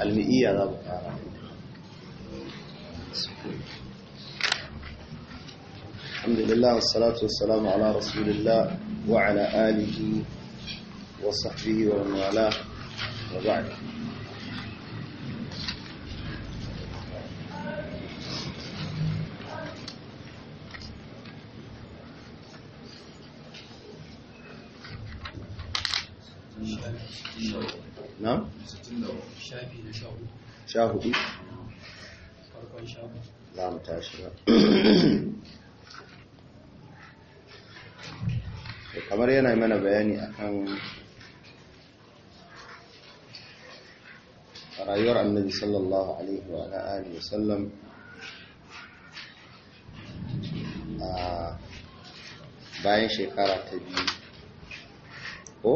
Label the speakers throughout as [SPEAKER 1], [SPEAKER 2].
[SPEAKER 1] المئية ذلك الحمد لله والصلاة والسلام على رسول الله وعلى آله وصحبه ومن والاه وبعد. shafi na sha hudu sha hudu farkon shafi za mu tashi ba kamar yana mana bayani akan rayuwar annabi sallallahu alaihi wa alihi wasallam a bayan shekara ta biyu ko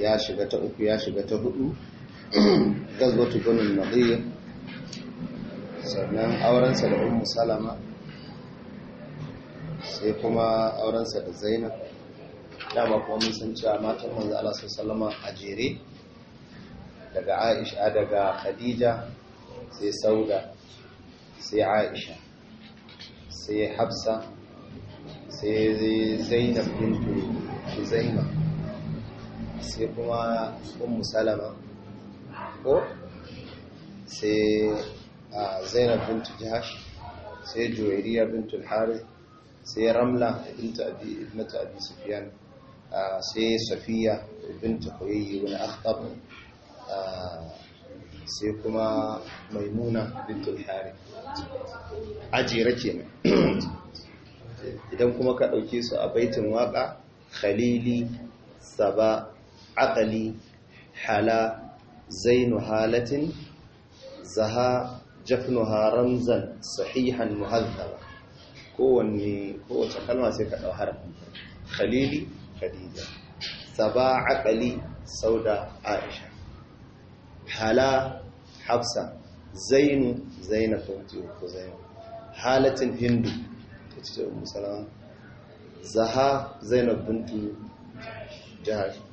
[SPEAKER 1] ya shiga ta uku ya shiga ta hudu gazwatu banin nadir sannan aurensa da umu salama sai kuma aurensa da zainab dama kuma mun san cewa matan manzo Allah sallallahu a jere daga Aisha daga Khadija sai Sauda sai Aisha sai Hafsa sai Zainab bintu Zainab sai kuma ummu salama ko sai zainab bintu jahash sai juwairiya bintu harith sai ramla bintu abi ibnatu abi sufyan sai safiya bintu huyayyi wani akhtab sai kuma maimuna bintu harith ajira kenan idan kuma ka dauke su a baitin waka khalili saba caqali hall zainab halatin zahar jabran haramzan saxiixan muhallaba kowanne kowace kalma sai kadai haraka khalid da khadija zahar caqali sau da arisha hall zahar zabana zahar zabana zahar zabana zahar zabana zahar zabana zahar zabana zahar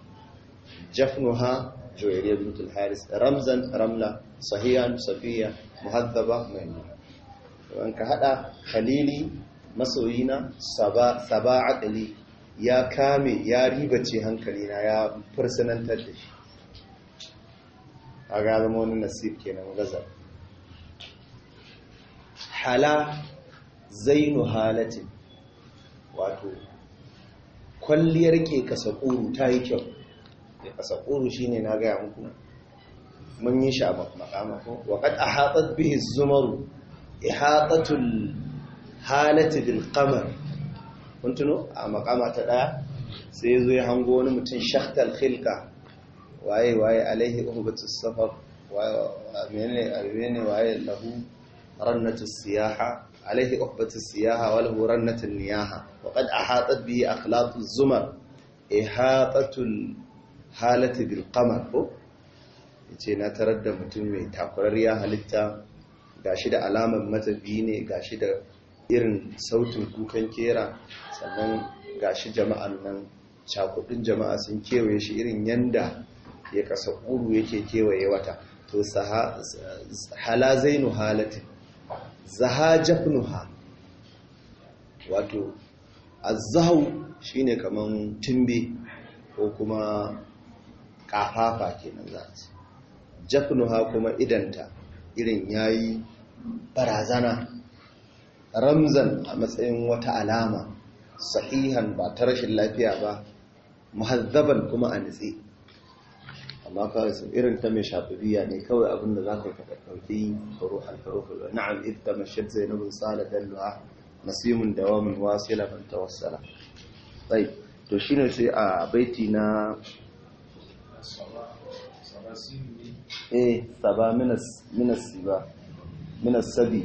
[SPEAKER 1] جفنها جويرية بنت الحارس رمزا رملة صحيحا صفية مهذبة مهمة وانك هذا خليلي مسوينا سبا, سبا عقلي يا كامي يا ريبتي هنكلينا يا فرسنان تدش أقال مون نسيب كينا مغزل حلا زين حالتي واتو kwalliyar ke kasa ƙuru ta yi kyau shi ne na gaya muku mun yi shi a makama ko wa a ahatat bihi zumaru zumaru ihatatul halati bil kamar kun tuno a makama ta ɗaya sai zo ya hango wani mutum shakhtar khilka waye waye alaihi uhbatus safar waye waye waye lahu rannatu siyaha alaihi uhbatus siyaha wa lahu rannatun niyaha wa a ahatat bihi akhlaquz zumar ihatatul halatu bil kamar ko ce na tarar da mutum mai ya halitta Ga shi da alamar matabi ne ga shi da irin sautin kukan kera sannan ga shi jama'an nan cakudin jama'a sun kewaye shi irin yanda ya kasa ƙuru yake kewaye wata to hala zainu halatin zaha jafnuha wato azzahu shine kaman timbe ko kuma ƙafafa kenan za ce jafnuha kuma idanta irin yayi barazana ramzan a matsayin wata alama sahihan ba ta rashin lafiya ba muhazzaban kuma a nitsi amma kawai irin ta mai shafiriya ne kawai abinda da za ka ka ɗauki furu alfaru furu na'am ita mashid zainabin sala dalluwa nasimun dawamin wasila ban tawassala sai to shine sai a baiti na ايه صبا من من السبا من السبي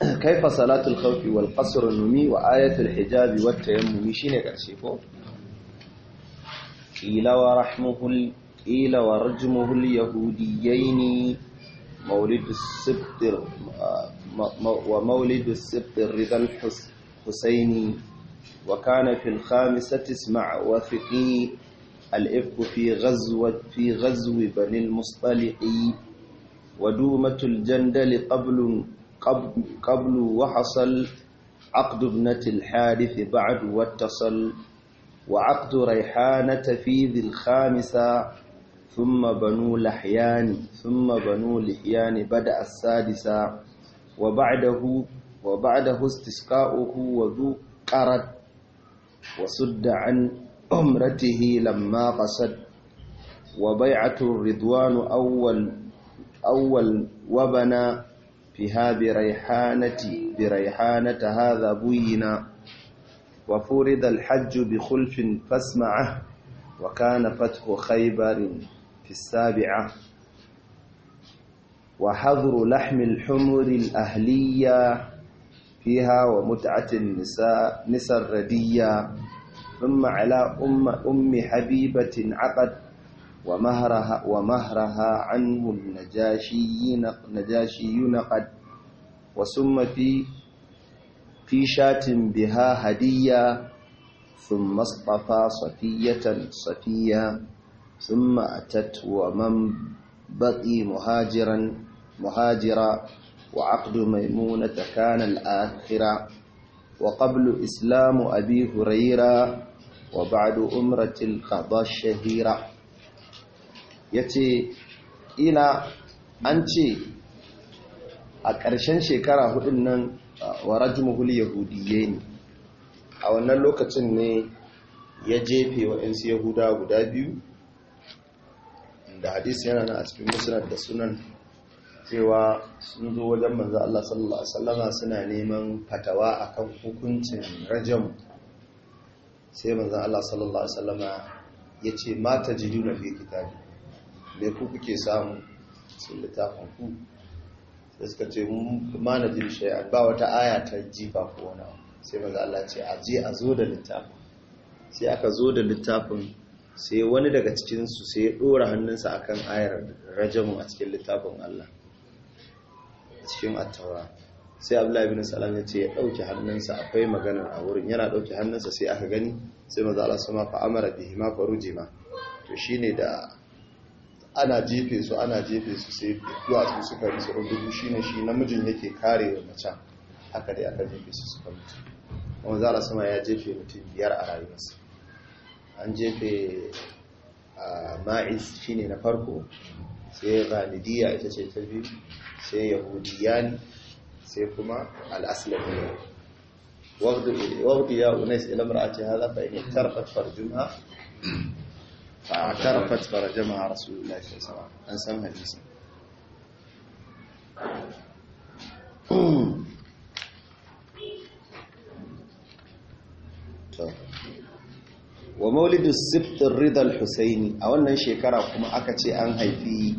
[SPEAKER 1] كيف صلاه الخوف والقصر النومي وايه الحجاب والتيمم شنو كرشي إلى قيل ورحمه قيل ورجمه اليهوديين مولد السبت ومولد السبت الرضا الحسيني وكان في الخامسة اسمع وثقي الإفك في غزوة في غزو بني المصطلق ودومة الجندل قبل قبل قبل وحصل عقد ابنة الحارث بعد واتصل وعقد ريحانة في ذي الخامسة ثم بنو لحيان ثم بنو لحيان بدأ السادسة وبعده وبعده استسقاؤه وذو قرد وسد عن عمرته لما قصد وبيعة الرضوان أول أول وبنى فيها بريحانة بريحانة هذا بينا وفرض الحج بخلف فاسمعه وكان فتح خيبر في السابعة وحظر لحم الحمر الأهلية فيها ومتعة النساء نسى الردية ثم على أم أم حبيبة عقد ومهرها ومهرها عنه النجاشيين نجاشيون قد وسم في في شاة بها هدية ثم اصطفى صفية صفية ثم أتت ومن بقي مهاجرا مهاجرا وعقد ميمونة كان الآخرة Huraira wa وقبل إسلام أبي هريرة وبعد أمرة القضاء الشهيرة يتي إلى أنتي أكرشن شكرا هدنا ورجمه ni. a wannan lokacin ne ya jefe wa 'yansu yahuda guda biyu da hadisi yana na a cikin musulun da sunan cewa sun zo wajen manzan Allah sallallahu alaihi wasallama suna neman fatawa akan hukuncin rajam sai manzan Allah sallallahu alaihi wasallama mata ma tajiduna fi kitabi me ku kuke samu sun littafin ku da suka ce ma na jin shay'a ba wata aya ta jifa ko wani sai manzan Allah ce a je a zo da littafin sai aka zo da littafin sai wani daga cikinsu sai ya ɗora hannunsa akan ayar rajamu a cikin littafin Allah cikin attawa sai abdullahi bin salam ya ce ya dauke hannunsa akwai magana a wurin yana dauke hannunsa sai aka gani sai maza Allah sama fa amara bihi ma farujima to shine da ana jefe su ana jefe su sai su suka rusa shi shine shi namijin yake kare wa mace haka dai aka jefe su suka mutu manzo Allah sama ya jefe mutum biyar a rayuwarsa an jefe ah, ma'is shine na farko sai ganidiya ita ce ta biyu sai yahudiyani sai kuma al'aslami wagdi ya unais a mar'ati hadha fa in tarfat farjumha fa tarfat farjumha rasulullahi sallallahu alaihi wasallam an san hadisi wa maulidu siftin ridal husaini a wannan shekara kuma aka ce an haifi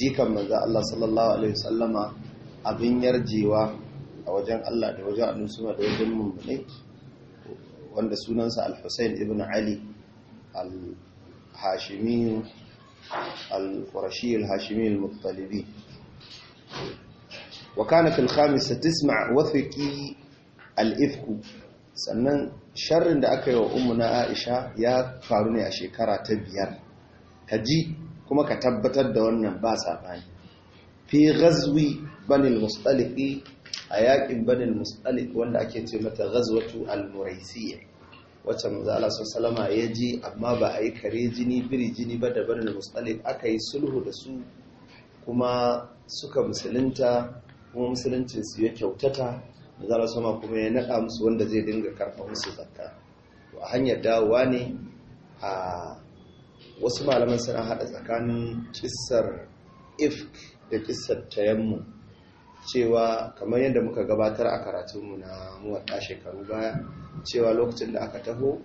[SPEAKER 1] jikan manzo Allah sallallahu alaihi wasallama abin yarjewa a wajen Allah da wajen annabi suna da wajen mummune wanda sunansa al-Husayn ibn Ali al-Hashimi al-Qurashi al-Hashimi al-Muttalibi wa kana fil khamisa tisma' wathqi al-ifk sannan sharrin da aka yi wa ummu na Aisha ya faru ne a shekara ta biyar ji. kuma ka tabbatar da wannan ba saɓani fi ghazwi banil mustalifi a yaƙin banil mustalifi wanda ake ce mata ghazwatu al-muraisiyya wacce manzo Allah salama ya ji amma ba a yi kare jini biri jini ba da banil mustaliq aka yi sulhu da su kuma suka musulunta kuma musuluncin su ya kyautata manzo Allah sallallahu kuma ya naɗa musu wanda zai dinga karɓa musu zakka to a hanyar dawowa ne a wasu malaman suna haɗa tsakanin kissar ifk da kissar tayammu cewa kamar yadda muka gabatar a karatunmu na muwadda shekaru baya cewa lokacin da aka taho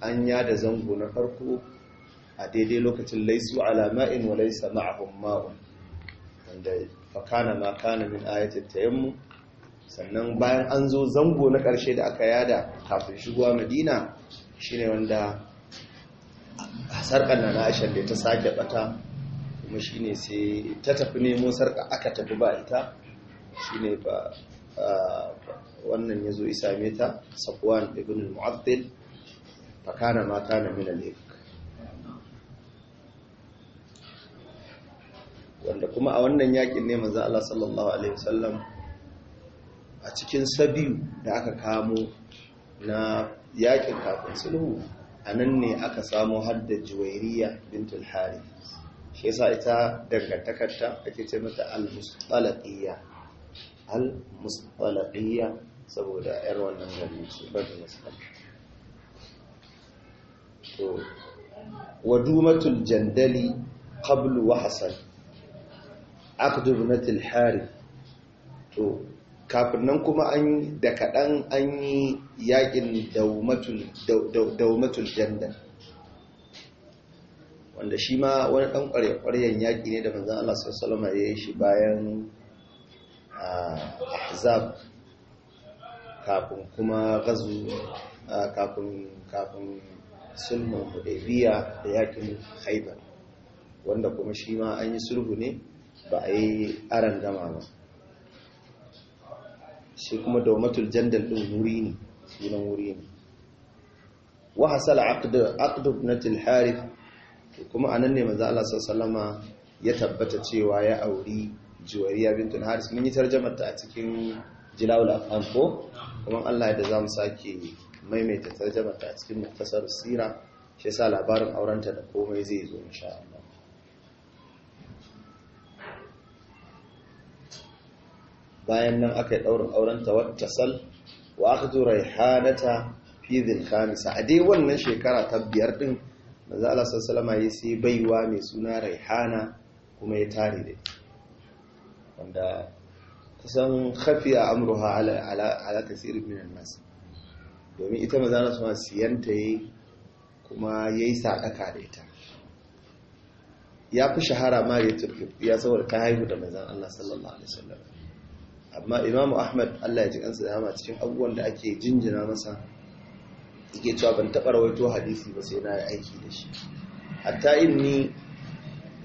[SPEAKER 1] an yada zango na farko a daidai lokacin laisu alama'in wa laisa ma'ahum ma'un wanda fakana ma kana min ayatin tayammu sannan bayan an zo zango na ƙarshe da aka yada kafin shigowa madina shine wanda sarkar na na'ashar da ta sake bata kuma shi ne sai ta tafi nemo sarƙa aka tafi ba ita Shi ne ba wannan ya zo isa ta sabuwan ibn al-mu'addil kana ma kana min al wanda kuma a wannan yakin ne maza Allah sallallahu alaihi wasallam a cikin sabiyu da aka kamo na yakin kafin sulhu a nan ne aka samu hadda juwairiya bintul hari shi yasa ita dangantakarta ake ce mata al-mustalaqiyya al-mustalaqiyya saboda yar wannan gari ce bada mustal to wadumatul jandali qablu wa hasan aqdu binatul Hari? to kafin nan kuma an da kaɗan an yi yakin daumatul jandan wanda shi ma wani ɗan ƙwarya kwaryan yaƙi ne da manzan Allah sallama ya yi shi bayan ahzab kafin kuma gazu kafin sulhun biya, da yakin haibar wanda kuma shi ma an yi sulhu ne ba a yi aran gama ba shi kuma domatul jandal din wuri ne sunan wuri ne wa hasala aqd aqd ibnatil harith kuma anan ne manzo Allah sallallahu ya tabbata cewa ya auri juwariya bintul harith mun yi tarjumar ta a cikin jilawul afan ko kuma Allah da zamu sake maimaita tarjumar ta a cikin muktasar sira shi yasa labarin aurenta da komai zai zo insha Allah bayan nan aka yi ɗaurin auren sal wa aka zo raihanata fi khamisa a dai wannan shekara ta biyar din manzo Allah sallallahu alaihi sai baiwa mai suna raihana kuma ya tare da wanda kusan khafiya amruha ala ala ala kasir min nas domin ita manzo Allah sallallahu siyanta yayi kuma yayi sadaka da ita ya fi shahara ma ya saboda ta haihu da mazan Allah sallallahu alaihi wasallam amma imamu ahmad allah ya ji kansa da hama cikin abubuwan da ake jinjina masa yake cewa ban taɓa rawaito hadisi ba sai na yi aiki da shi hatta ni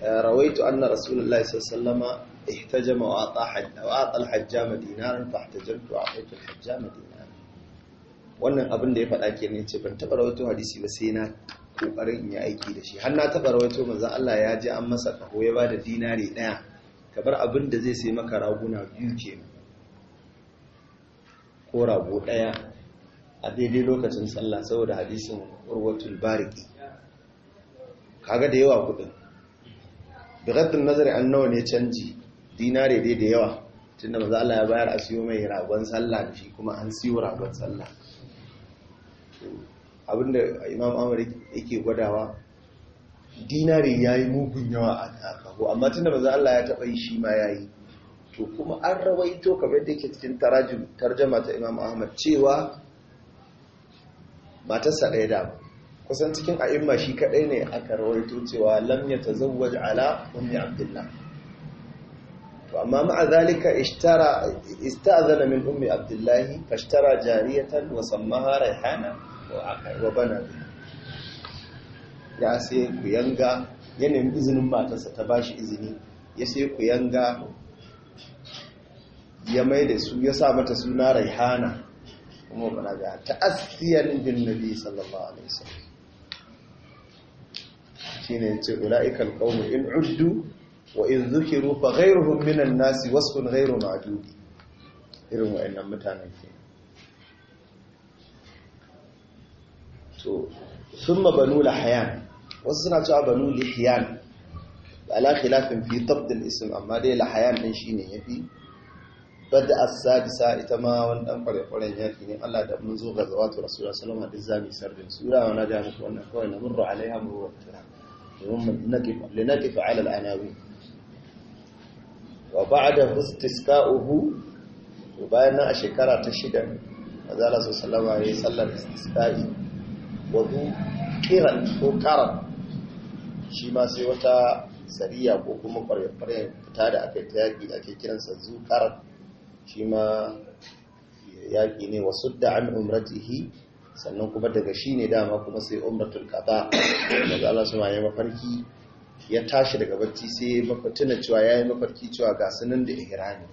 [SPEAKER 1] eh, rawaito da rasulullahi sallama ihtajama wa ata al-hajjama dinaran fa ihtajartu wa a al-hajjama dinaran wannan abin da ya faɗa ne ce ban taɓa rawaito hadisi ba sai na ƙoƙarin in yi aiki da shi har na taɓa rawaito manzon Allah ya ji an masa kaho ya ba da dinari ɗaya kamar abin da zai sai maka raguna biyu kenan ko rago daya a daidai lokacin sallah saboda hadisin urwatul bariki kaga da yawa kudin bigaddin nazari an nawa ne canji dinare dai da yawa tunda maza Allah ya bayar a siyo mai ragon sallah da shi kuma an siyo ragon sallah abinda imam amur yake gwadawa dinare ya yi mugun yawa a kago amma tunda maza Allah ya taɓa yi shi ma ya yi to kuma an rawaito kamar da yake cikin tarjama ta imam ahmad cewa matarsa ɗaya da kusan cikin a'imma shi kaɗai ne aka rawaito cewa lamya ta waje ala ummi abdullah to amma ma'a zalika ishtara ista'zana min ummi abdullah fashtara jariyatan wa sammaha raihana wa wa bana ya sai ku yanga yanayin izinin matarsa ta bashi izini ya sai ku yanga ya mai da su ya sa mata suna raihana kuma bana ga ta'assiyan bin nabi sallallahu alaihi wasallam ne ce ula'ikal qawmu in uddu wa in zukiru fa ghayruhum minan nasi wasfun ghayru ma'dud irin wayannan mutanen ke to thumma banu lahayan wasu suna cewa banu lihiyan ala khilafin fi tabd al-ism amma dai lahayan din shine yafi badda as-sadisa ita ma wani dan kwarekwaren yaki ne Allah da mun zo ga zawatu rasulullahi sallallahu alaihi wasallam duk sarbin sura wa na ga muku wannan kawai na murru alaiha murru wa tara domin nakif linakif ala al-anawi wa ba'da istisqa'uhu to bayan nan a shekara ta shida manzo Allah sallallahu alaihi wasallam ya sallar istisqa'i wa du kiran ko karan shi ma sai wata sariya ko kuma kwarekwaren fita da aka yi ta yaki ake kiransa zu karan shi ma yaƙi ne wasu da an umratihi sannan kuma daga shi ne dama kuma sai umratul qada daga Allah su ya mafarki ya tashi daga bacci sai ya cewa ya yi mafarki cewa ga sunan da ihrami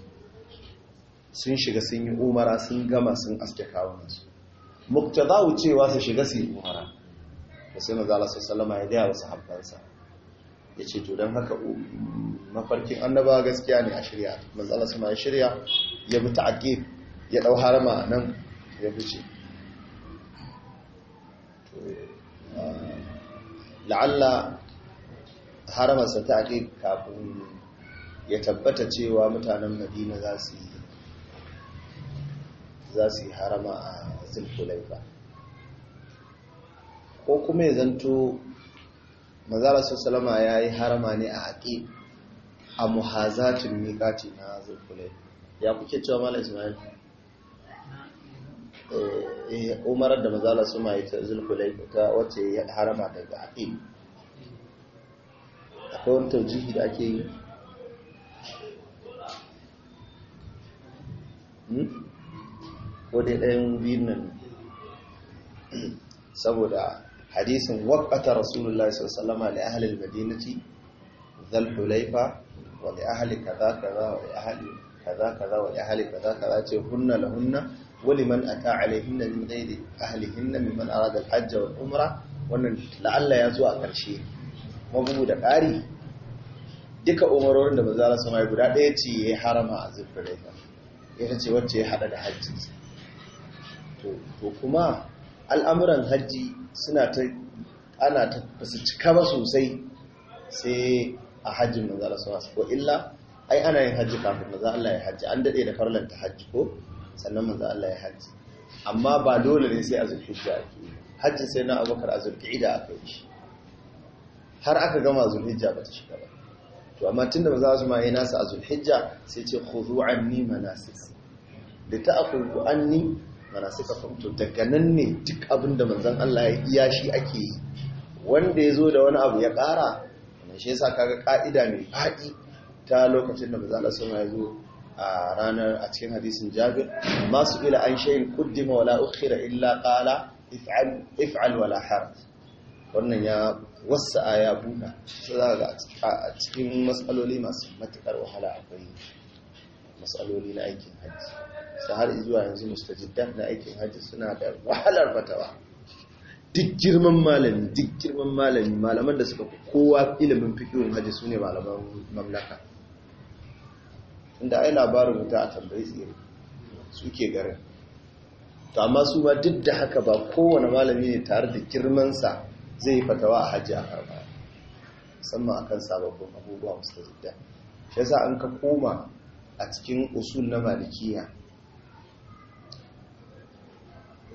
[SPEAKER 1] sun shiga sun yi umara sun gama sun aske kawunansu muktadawu cewa su shiga su yi umara da sai maza Allah sallama ya gaya wa sahabbansa ya ce to don haka um, mafarkin annaba gaskiya ne a shirya maza Allah ya shirya ya bi ta'aqib ya dau harama nan ya fice ah, la'alla haramarsa ta aqib kafin ya tabbata cewa mutanen madina za su yi za su yi harama a ko kuma ya zanto mazara su salama ya yi harama ne a aƙi a muhazatin miƙati na zulhulaifa ya kuke cewa mala ismail eh, eh, Umar da mazala su ma yi ta zulkulai ta wacce ya harama daga haƙi akwai wani taujihi da ake yi hmm? ko dai ɗayan biyun nan saboda hadisin waƙata rasulullah sallama da ahalil madinati zalhulaifa wa da ahali kaza kaza wa da ahali kaza kaza wa ahli kaza kaza ce hunna hunna wa liman ata alaihinna min ghairi ahlihinna mimman arada al-hajj wal umra wannan la'alla ya zo a ƙarshe magumu da ƙari duka umarorin da manzo Allah sama guda ɗaya ce yayi harama a zulfuraifa ita ce wacce ya hada da hajji to kuma al'amuran hajji suna ta ana ta basu cika ba sosai sai a hajjin manzo Allah sama ko illa ai ana yin hajji kafin manzo Allah ya hajji an dade da farlanta hajji ko sannan manzo Allah ya hajji amma ba dole ne sai a zulhijja ake hajji sai na abubakar a zulqa'ida aka yi shi har aka gama zulhijja ba ta shiga ba to amma tunda manzo Allah ma yi nasa a zulhijja sai ce khudhu anni manasika da ta'khudhu anni manasika to daga nan ne duk abin da manzon Allah ya iya shi ake yi wanda ya zo da wani abu ya ƙara shi yasa kaga ka'ida mai fadi ta lokacin da manzala sama ya zo a ranar a cikin hadisin jabir masu ila an shayin kuddima wala ukhira illa qala if'al wala haraj wannan ya wasa aya buna su za ga a cikin matsaloli masu matuƙar wahala akwai matsaloli na aikin hajji su har zuwa yanzu mustajiddan na aikin hajji suna da wahalar fatawa duk girman malami duk girman malami malaman da suka fi kowa ilimin fikihun hajji su ne malaman mamlaka inda ai labarin wuta a tambayi tsere suke garin to amma su ba duk da haka ba kowane malami ne tare da girmansa zai yi fatawa a hajji a karba musamman a kan sababbin abubuwa musta zidda shi yasa an ka koma a cikin usul na malikiya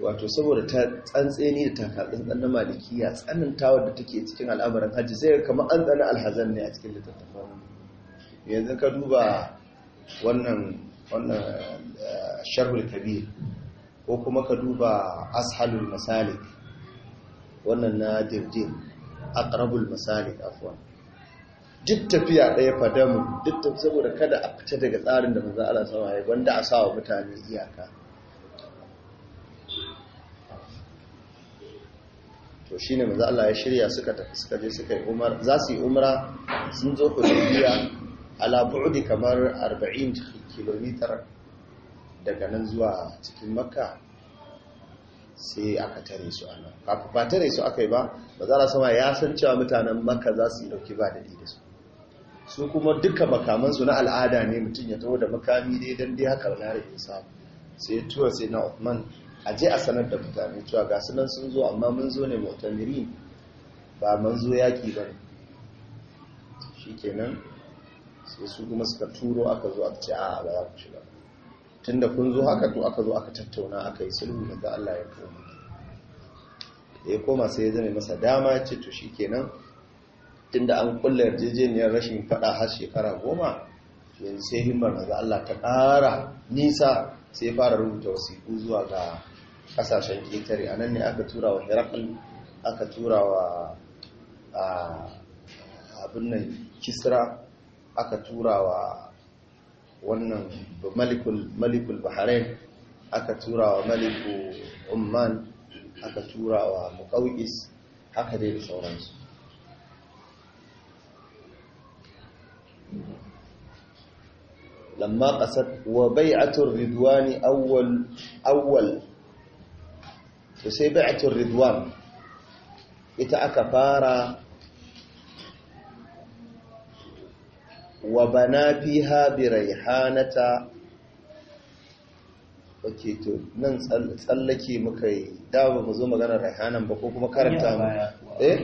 [SPEAKER 1] wato saboda ta tsantseni da takatsantsan na malikiya tsanantawar da take cikin al'amarin hajji sai kama an tsana alhazan ne a cikin littattafan yanzu ka duba wannan eh, sharhul kabir ko kuma ka duba ashalul masalik wannan na dirdim aqrabul masalik afwan duk tafiya ɗaya fadamu duk tafiya saboda kada a fita daga tsarin da manzo Allah sama ya wanda a sawa mutane iyaka to shine manzo Allah ya shirya suka tafi suka je suka yi umra za su yi umra sun zo biya. ala bu'udi kamar 40 km daga nan zuwa cikin makka sai aka tare su ana kafin ba tare su aka yi ba ba za a sama ya san cewa mutanen makka za su yi dauki ba da da su su kuma duka makamansu na al'ada ne mutum ya taho da makami dai don dai haka na rage samu sai tuwa sai na Uthman a je a sanar da mutane cewa ga su nan sun zo amma mun zo ne mutanirin ba manzo zo yaki ba shikenan sai su kuma suka turo aka zo aka ce a ba za ku shiga tunda kun zo haka to aka zo aka tattauna aka yi sulhu ga Allah ya koma da ya koma sai ya zame masa dama ya ce to shi kenan tunda an kulla yarjejeniyar rashin faɗa har shekara goma yanzu sai himmar ga Allah ta ƙara nisa sai fara rubuta wasiƙu zuwa ga ƙasashen ƙetare a nan ne aka tura wa herakl aka tura wa abin nan kisra aka tura wa wannan malikul bahrain aka tura wa maliku umman aka tura wa muqawis haka dai da sauransu lamma qasat wa bai'atur ridwani awwal awwal to sai bai'atur ridwan ita aka fara wa bana ha bi raihanata wake to nan tsallake muka yi da ba mu zo magana raihanan ba ko kuma karanta mu eh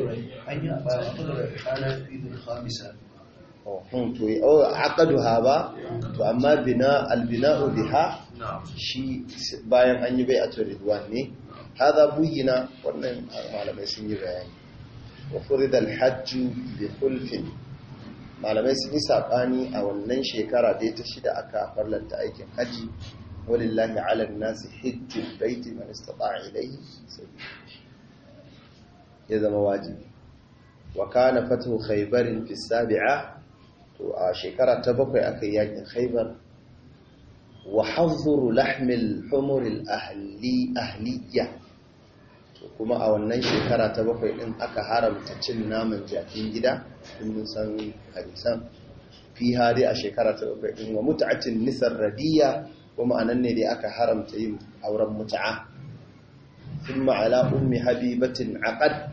[SPEAKER 1] ba oh, hmm, to oh, ba to amma bina al bina'u biha shi bayan an yi bai a ridwan ne hada buyina wannan malamai sun yi bayani wa furida al hajju bi hulfin malamai sun yi saɓani a wannan shekara dai ta shida aka farlanta aikin hajji walillahi ala nasi hijjul baiti man istata'a ilayhi ya zama wajibi wa kana fatu khaybarin fi sabi'a to a shekara ta bakwai aka yi yakin khaybar wa hazzuru lahmil humuril ahli kuma a wannan shekara ta bakwai ɗin aka haramta cin naman jakin gida mun san hadisan fi hari a shekara ta bakwai ɗin wa mutu'atin nisar radiya kuma a ne dai aka haramta yin auren muta'a sun ma'ala ummi habibatin aqad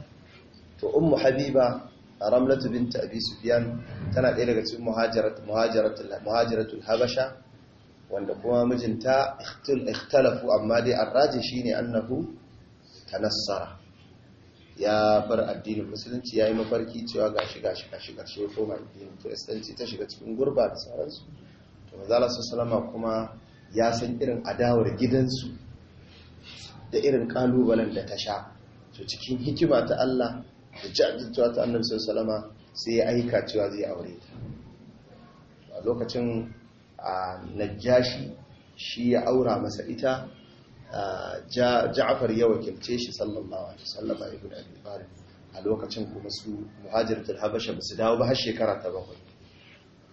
[SPEAKER 1] to ummu habiba a ramlatu bin abi sufiyan tana ɗaya daga cikin muhajiratul habasha wanda kuma mijinta ikhtalafu amma dai arraji shine annahu tanassara ya bar addinin musulunci ya yi mafarki cewa gashi gashi gashi shi ko ma addinin kiristanci ta shiga cikin gurba da sauransu to su salama kuma ya san irin adawar gidansu da irin kalubalen da ta sha to cikin hikima ta Allah da jajjantuwa ta annabi salama sai ya aika cewa zai aure ta a lokacin a najashi shi ya aura masa ita ja'afar ya wakilce shi sallallahu alaihi wasallam ya guda a lokacin kuma su muhajiratul habasha ba su dawo ba har shekara ta bakwai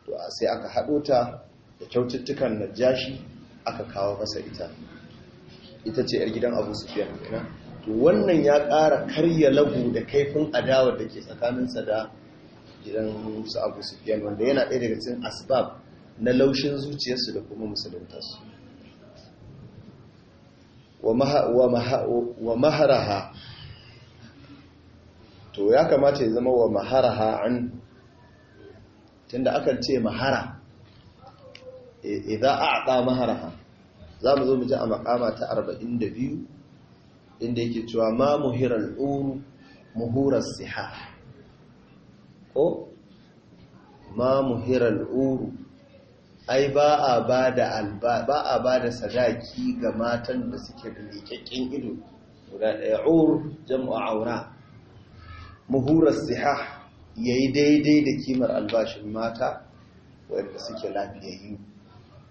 [SPEAKER 1] to sai aka haɗo ta da kyaututtukan najashi aka kawo masa ita ita ce yar gidan abu sufiyan kenan to wannan ya ƙara karya lagu da kaifin adawa da ke tsakaninsa da gidan su abu sufiyan wanda yana ɗaya daga cikin asbab na laushin zuciyarsu da kuma musuluntarsu wa maharaha to ya kamata ya zama wa maharaha an tunda aka ce mahara e, idan a ɗa maharaha za mu zo mu ji a makama ta 42 inda yake cewa ma muhirar uru muhurar siha ko ma muhirar uru ai ba a ba da sadaki ga matan da suke da leƙaƙƙen ido guda ɗaya ur jam'a aura muhurar sihah yayi daidai da kimar albashin mata wanda suke lafiyayyu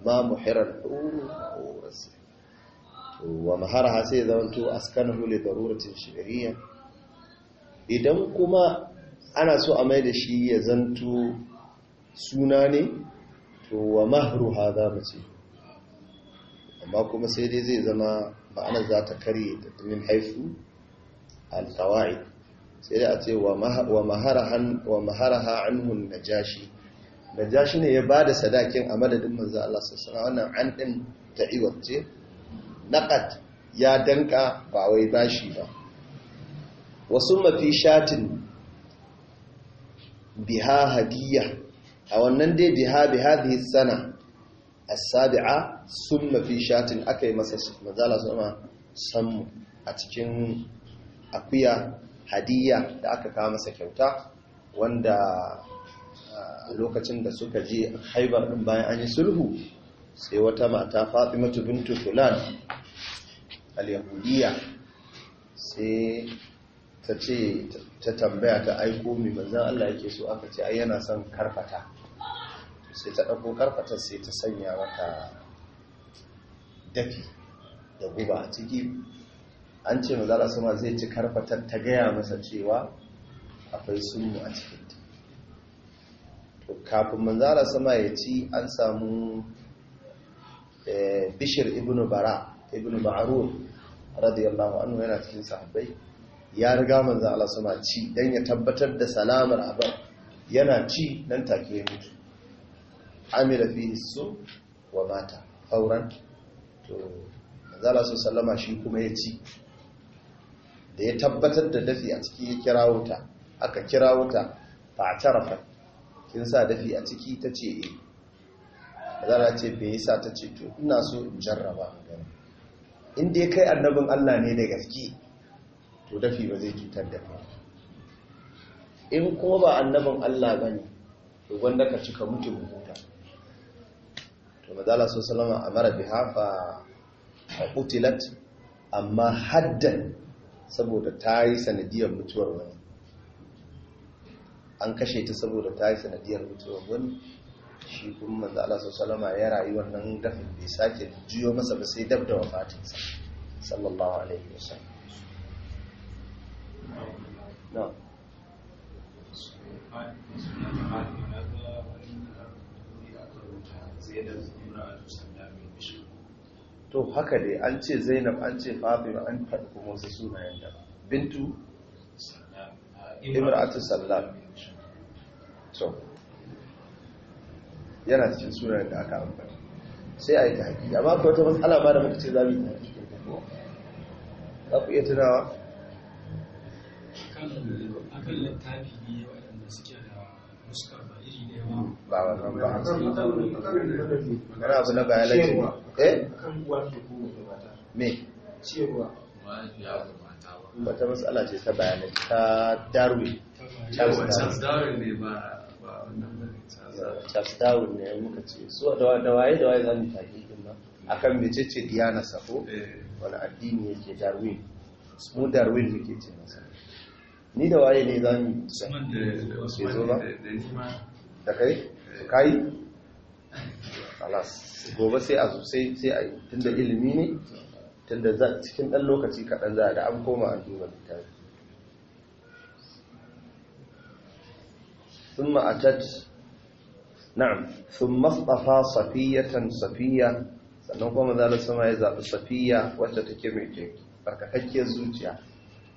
[SPEAKER 1] ma muhirar uru muhurar to wa maharaha sai zamanto askanahu hule daruratin shari'a idan kuma ana so a mai da shi ya zanto suna ne to wa mahru hadha mace amma kuma sai dai zai zama ma'anar za ta kare da min haifu al-qawaid sai dai a ce wa maharahan wa maharaha anhu najashi najashi ne ya bada sadakin a madadin manzo Allah sallallahu alaihi wasallam wannan an din ta'iwat ce naqat ya danka ba wai bashi ba wasu mafi shatin biha hadiyya a wannan dai biha biha bihi sana a sabia summa fi shatin aka yi masa su sama sanmu a cikin akuya hadiyya da aka kawo masa kyauta wanda ah, lokacin da suka je haibar ɗin bayan an yi sulhu sai wata mata fatimatu bintu fulan al-yahudiyya sai ta ce ta tambaya ta aiko mai manzan Allah yake so aka ce ai yana son karfata sai ta ɗauko karfatar sai ta sanya mata dafi da guba a ciki an ce mazala sama zai ci karfatar ta gaya masa cewa akwai sunmu a cikinta to kafin manzala sama ya ci an samu eh, bishir ibnu bara ibn ma'arur radiyallahu anhu yana cikin sahabbai ya riga manzan Allah sama ci don ya tabbatar da salamar abin yana ci nan take ya mutu amira fi su wa mata fauran to manzan Allah sallama shi kuma ya ci da ya tabbatar da dafi a ciki ya kira wuta aka kira wuta ba a tarafa kin sa dafi a ciki ta ce e ce bai yi sa ta ce to ina so in jarraba a gani inda ya kai annabin allah ne da gaske to dafi ba zai cutar da kai in ko ba annabin Allah ba ne to wanda ka cika mutu huta to mazala su salama a mara biha a kutilat amma haddan saboda ta yi sanadiyar mutuwar wani an kashe ta saboda ta yi sanadiyar mutuwar wani shi kuma manzo Allah salama ya rayu wannan dafin bai sake juyo masa ba sai dab da wafatinsa sallallahu alaihi wasallam نعم to haka dai an ce zainab an ce fatima an faɗi kuma wasu sunayen da bintu imratu sallam so yana cikin sunayen da aka amfani. sai a yi ta haƙi amma kawai ta matsala ba da muka ce za mu yi ta haƙi za ku iya tunawa akan littafi ne waɗanda suke da fuskar ba iri ne ba wannan ba magana abu na biology eh me cewa wata matsala ce ta bayanai ta darwin charles darwin ne ba charles darwin ne muka ce so da waye da waye za mu tafi din nan mm. akan mecece diana sako, eh. wani addini yake darwin mu darwin muke ce masa ni da waye ne za mu ke zo ba da kai eh. kai alas gobe sai a sosai sai a yi da ilimi ne tun da cikin ɗan lokaci kaɗan za a da an koma a duba littafi ثم أتت sun ثم safiya صفية safiya, sannan kuma manzo sama ya zaɓi safiya wacce take mai tsarkakakkiyar zuciya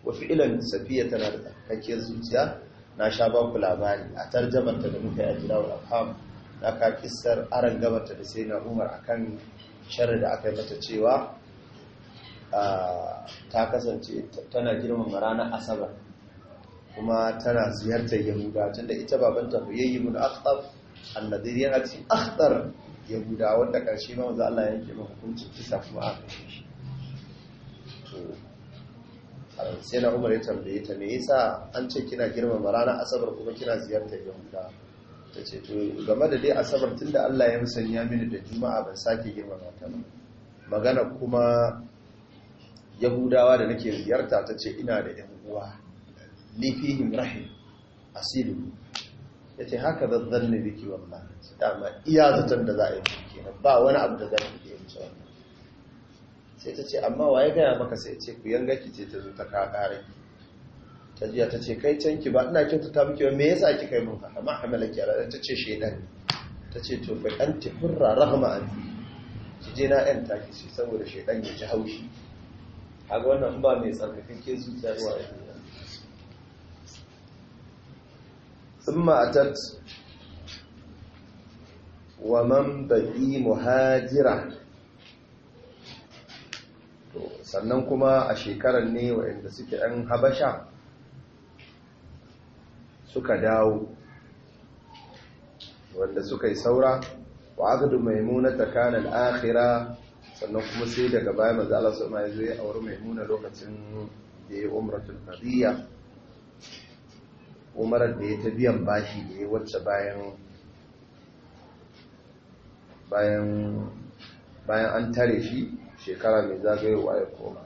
[SPEAKER 1] wa ilan safiya tana da tsarkakiyar zuciya na sha ba ku labari a tarjamanta da muka yi a jilawar fam na ka kissar aran gabata da sai na umar kan shari da aka yi mata cewa ta kasance tana girmama ranar asabar kuma tana ziyartar yahuda tunda ita babanta yi mun akhtar annadir yana cikin akhtar yahuda wanda karshe ma wanzu Allah yanke ma hukuncin kisa kuma aka shi sai na umar ya tambaye ta me yasa an ce kina girmama ranar asabar kuma kina ziyartar yahuda ta ce to game da dai asabar tunda Allah ya musanya mini da juma'a ban sake girmama ta ba magana kuma yahudawa da nake ziyarta ta ce ina da yan uwa ni fihim rahim asilu ya ce haka da ne biki wannan, dama iya zaton da za a yi ba wani abu da zan yi sai ta ce amma waye gaya maka sai ce ku yanga ki ce ta zo ta kakare ta jiya ta ce kai can ki ba ina kyauta ta miki me yasa kika yi mun haka ma hamala ki ala ta ce shedan ta ce to fa ti hurra rahma an ki je na yan taki shi saboda shedan ya ji haushi kaga wannan ba mai ke zuciya ruwa ya ثم wa ومن بقي muhajira. sannan kuma a shekarar ne waɗanda suke ɗan habasha suka dawo wanda suka yi saura wa agadu maimuna ta kanan akhira sannan kuma sai daga baya maza su ma ya zo ya auri maimuna lokacin da ya umratul qadiyya umarar da ya ta biyan bashi da ya wacce bayan bayan an tare shi shekara mai zagayowa ya koma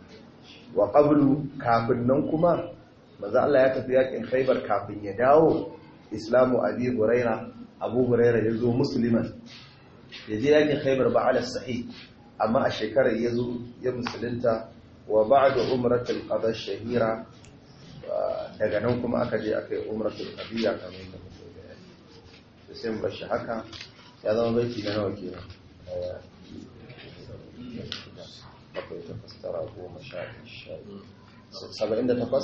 [SPEAKER 1] wa kafin nan kuma maza Allah ya tafi yakin Khaibar kafin ya dawo Islamu Abi Huraira Abu Huraira ya zo musulman ya je yakin Khaibar ba ala sahi, amma a shekarar ya zo ya musulunta wa da umratul qada shahira daga nan kuma aka je aka yi umratul qadiya kamar yadda muke bayani sai mun bar haka ya zama baiti na nawa kenan saba'in da biro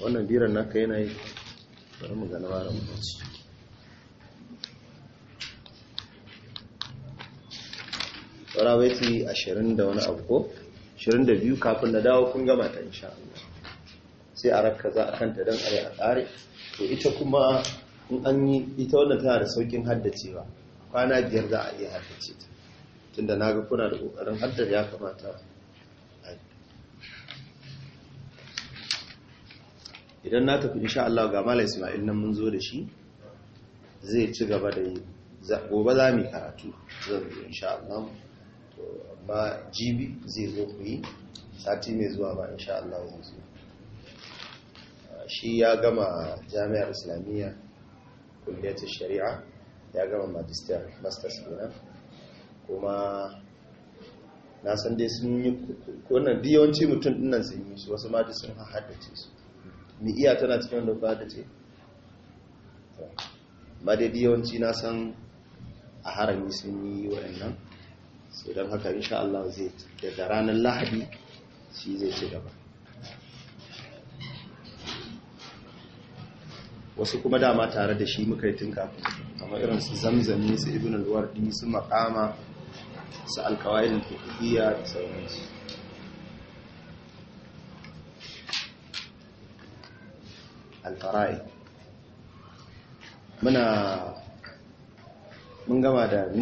[SPEAKER 1] wannan biran naka yana yi bari mu gana wara mutunci ashirin da wani abu ko? 22 kafin na dawo kun gama ta insha Allah sai a rakka za a kanta don a yi a tsare to ita kuma in an yi ita wannan tana da saukin haddacewa kwana biyar za a iya haddace ta tunda na ga kuna da ƙoƙarin haddar ya kamata idan na tafi insha Allah ga Malam Ismail nan mun zo da shi zai ci gaba da yi gobe za mu karatu zan zo insha Allah ba jibi zai zo ku yi sati mai zuwa ba insha Allah mu zo ah, shi ya gama jami'ar islamiyya kundiyar shari'a ya gama magister masters kenan kuma na san dai sun yi wannan yawanci mutum dinnan sun yi su wasu ma sun haddace su mi iya tana cikin wanda ba da ce Ba dai yawanci na san a harami sun yi waɗannan so don haka insha Allah zai daga ranar lahadi shi zai ci gaba wasu kuma dama tare da shi muka yi tun kafin kamar irin su zamzami su ibn alwardi su makama su alkawayin fiqhiyya da sauransu alfarai muna mun gama da